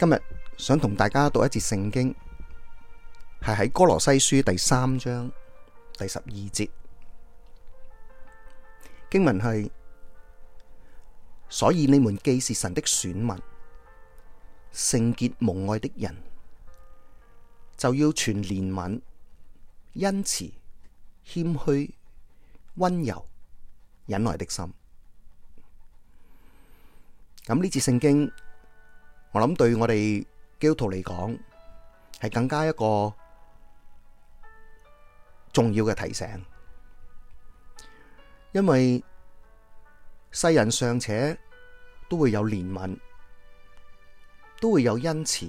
今日想同大家讀一節聖經，係喺哥羅西書第三章第十二節經文係，所以你們既是神的選民，聖潔蒙愛的人，就要存憐憫、恩慈、謙虛、溫柔、忍耐的心。咁呢節聖經。我諗對我哋基督徒嚟講，係更加一個重要嘅提醒，因為世人尚且都會有憐憫，都會有恩慈，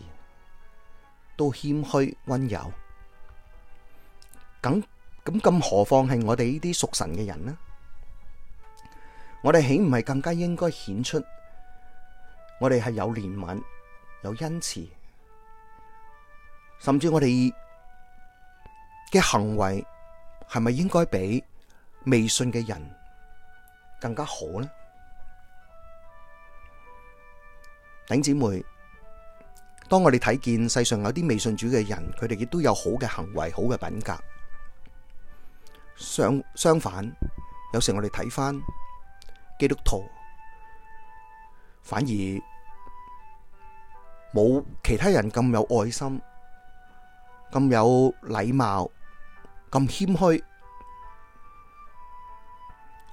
都謙虛溫柔，咁咁更何況係我哋呢啲屬神嘅人呢？我哋豈唔係更加應該顯出？我哋係有憐憫，有恩慈，甚至我哋嘅行為係咪應該比未信嘅人更加好呢？頂姊妹，當我哋睇見世上有啲未信主嘅人，佢哋亦都有好嘅行為、好嘅品格。相相反，有時我哋睇返基督徒。反而冇其他人咁有愛心、咁有禮貌、咁謙虛，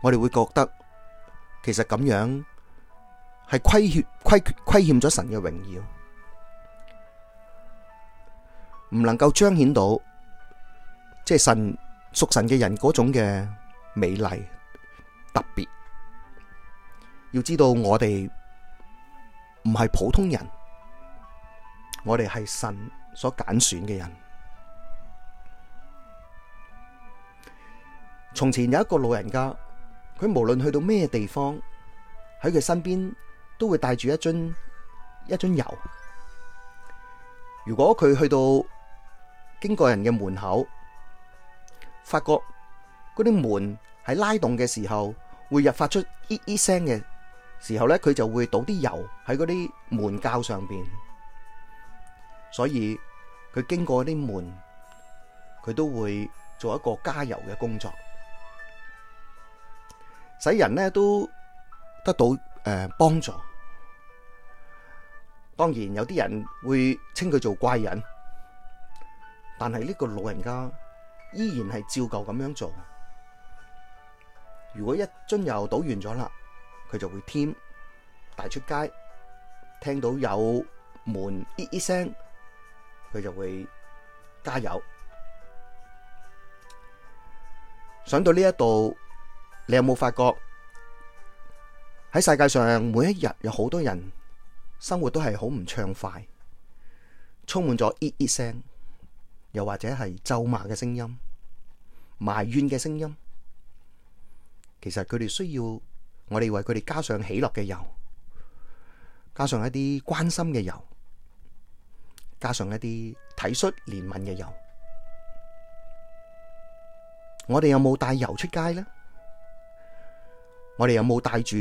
我哋會覺得其實咁樣係虧欠虧缺虧欠咗神嘅榮耀，唔能夠彰顯到即係神屬神嘅人嗰種嘅美麗特別。要知道我哋。唔係普通人，我哋係神所揀選嘅人。從前有一個老人家，佢無論去到咩地方，喺佢身邊都會帶住一樽一樽油。如果佢去到經過人嘅門口，發覺嗰啲門喺拉動嘅時候會入發出咦咦聲嘅。時候咧，佢就會倒啲油喺嗰啲門鉸上邊，所以佢經過嗰啲門，佢都會做一個加油嘅工作，使人咧都得到誒幫助。當然有啲人會稱佢做怪人，但係呢個老人家依然係照舊咁樣做。如果一樽油倒完咗啦，佢就會添大出街，聽到有門咦咦聲，佢就會加油。想到呢一度，你有冇發覺喺世界上每一日有好多人生活都係好唔暢快，充滿咗咦咦聲，又或者係咒罵嘅聲音、埋怨嘅聲音。其實佢哋需要。我哋為佢哋加上喜樂嘅油，加上一啲關心嘅油，加上一啲體恤憐憫嘅油。我哋有冇帶油出街呢？我哋有冇帶住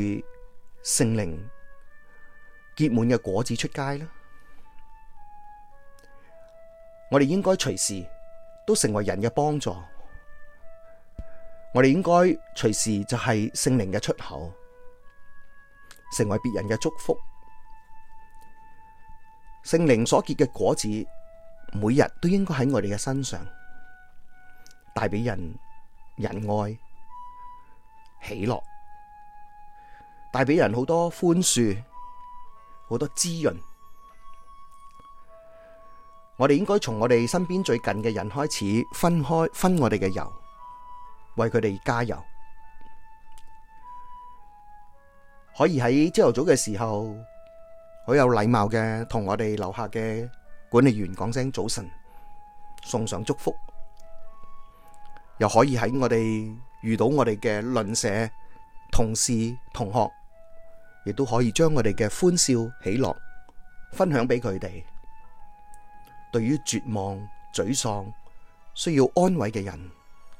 聖靈結滿嘅果子出街呢？我哋應該隨時都成為人嘅幫助。我哋應該隨時就係聖靈嘅出口，成為別人嘅祝福。聖靈所結嘅果子，每日都應該喺我哋嘅身上，帶俾人仁愛、喜樂，帶俾人好多寬恕、好多滋潤。我哋應該從我哋身邊最近嘅人開始分開，分開分我哋嘅油，為佢哋加油，可以喺朝頭早嘅時候，好有禮貌嘅同我哋樓下嘅管理員講聲早晨，送上祝福，又可以喺我哋遇到我哋嘅鄰舍、同事、同學，亦都可以將我哋嘅歡笑、喜樂分享俾佢哋。對於絕望、沮喪、需要安慰嘅人。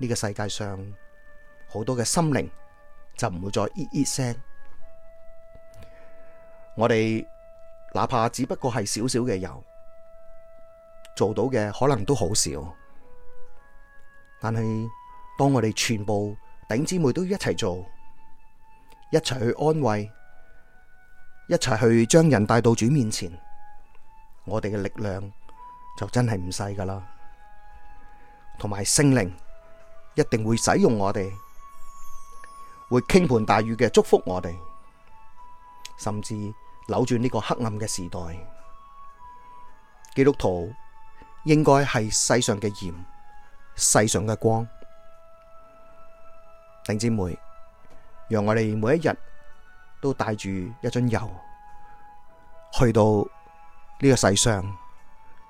呢個世界上好多嘅心靈就唔會再咦咦聲，我哋哪怕只不過係少少嘅油做到嘅可能都好少，但係當我哋全部頂姊妹都一齊做，一齊去安慰，一齊去將人帶到主面前，我哋嘅力量就真係唔細噶啦，同埋聖靈。一定會使用我哋，會傾盆大雨嘅祝福我哋，甚至扭轉呢個黑暗嘅時代。基督徒應該係世上嘅鹽，世上嘅光。弟兄姊妹，讓我哋每一日都帶住一樽油，去到呢個世上，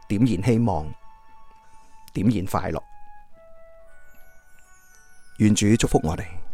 點燃希望，點燃快樂。願主祝福我哋。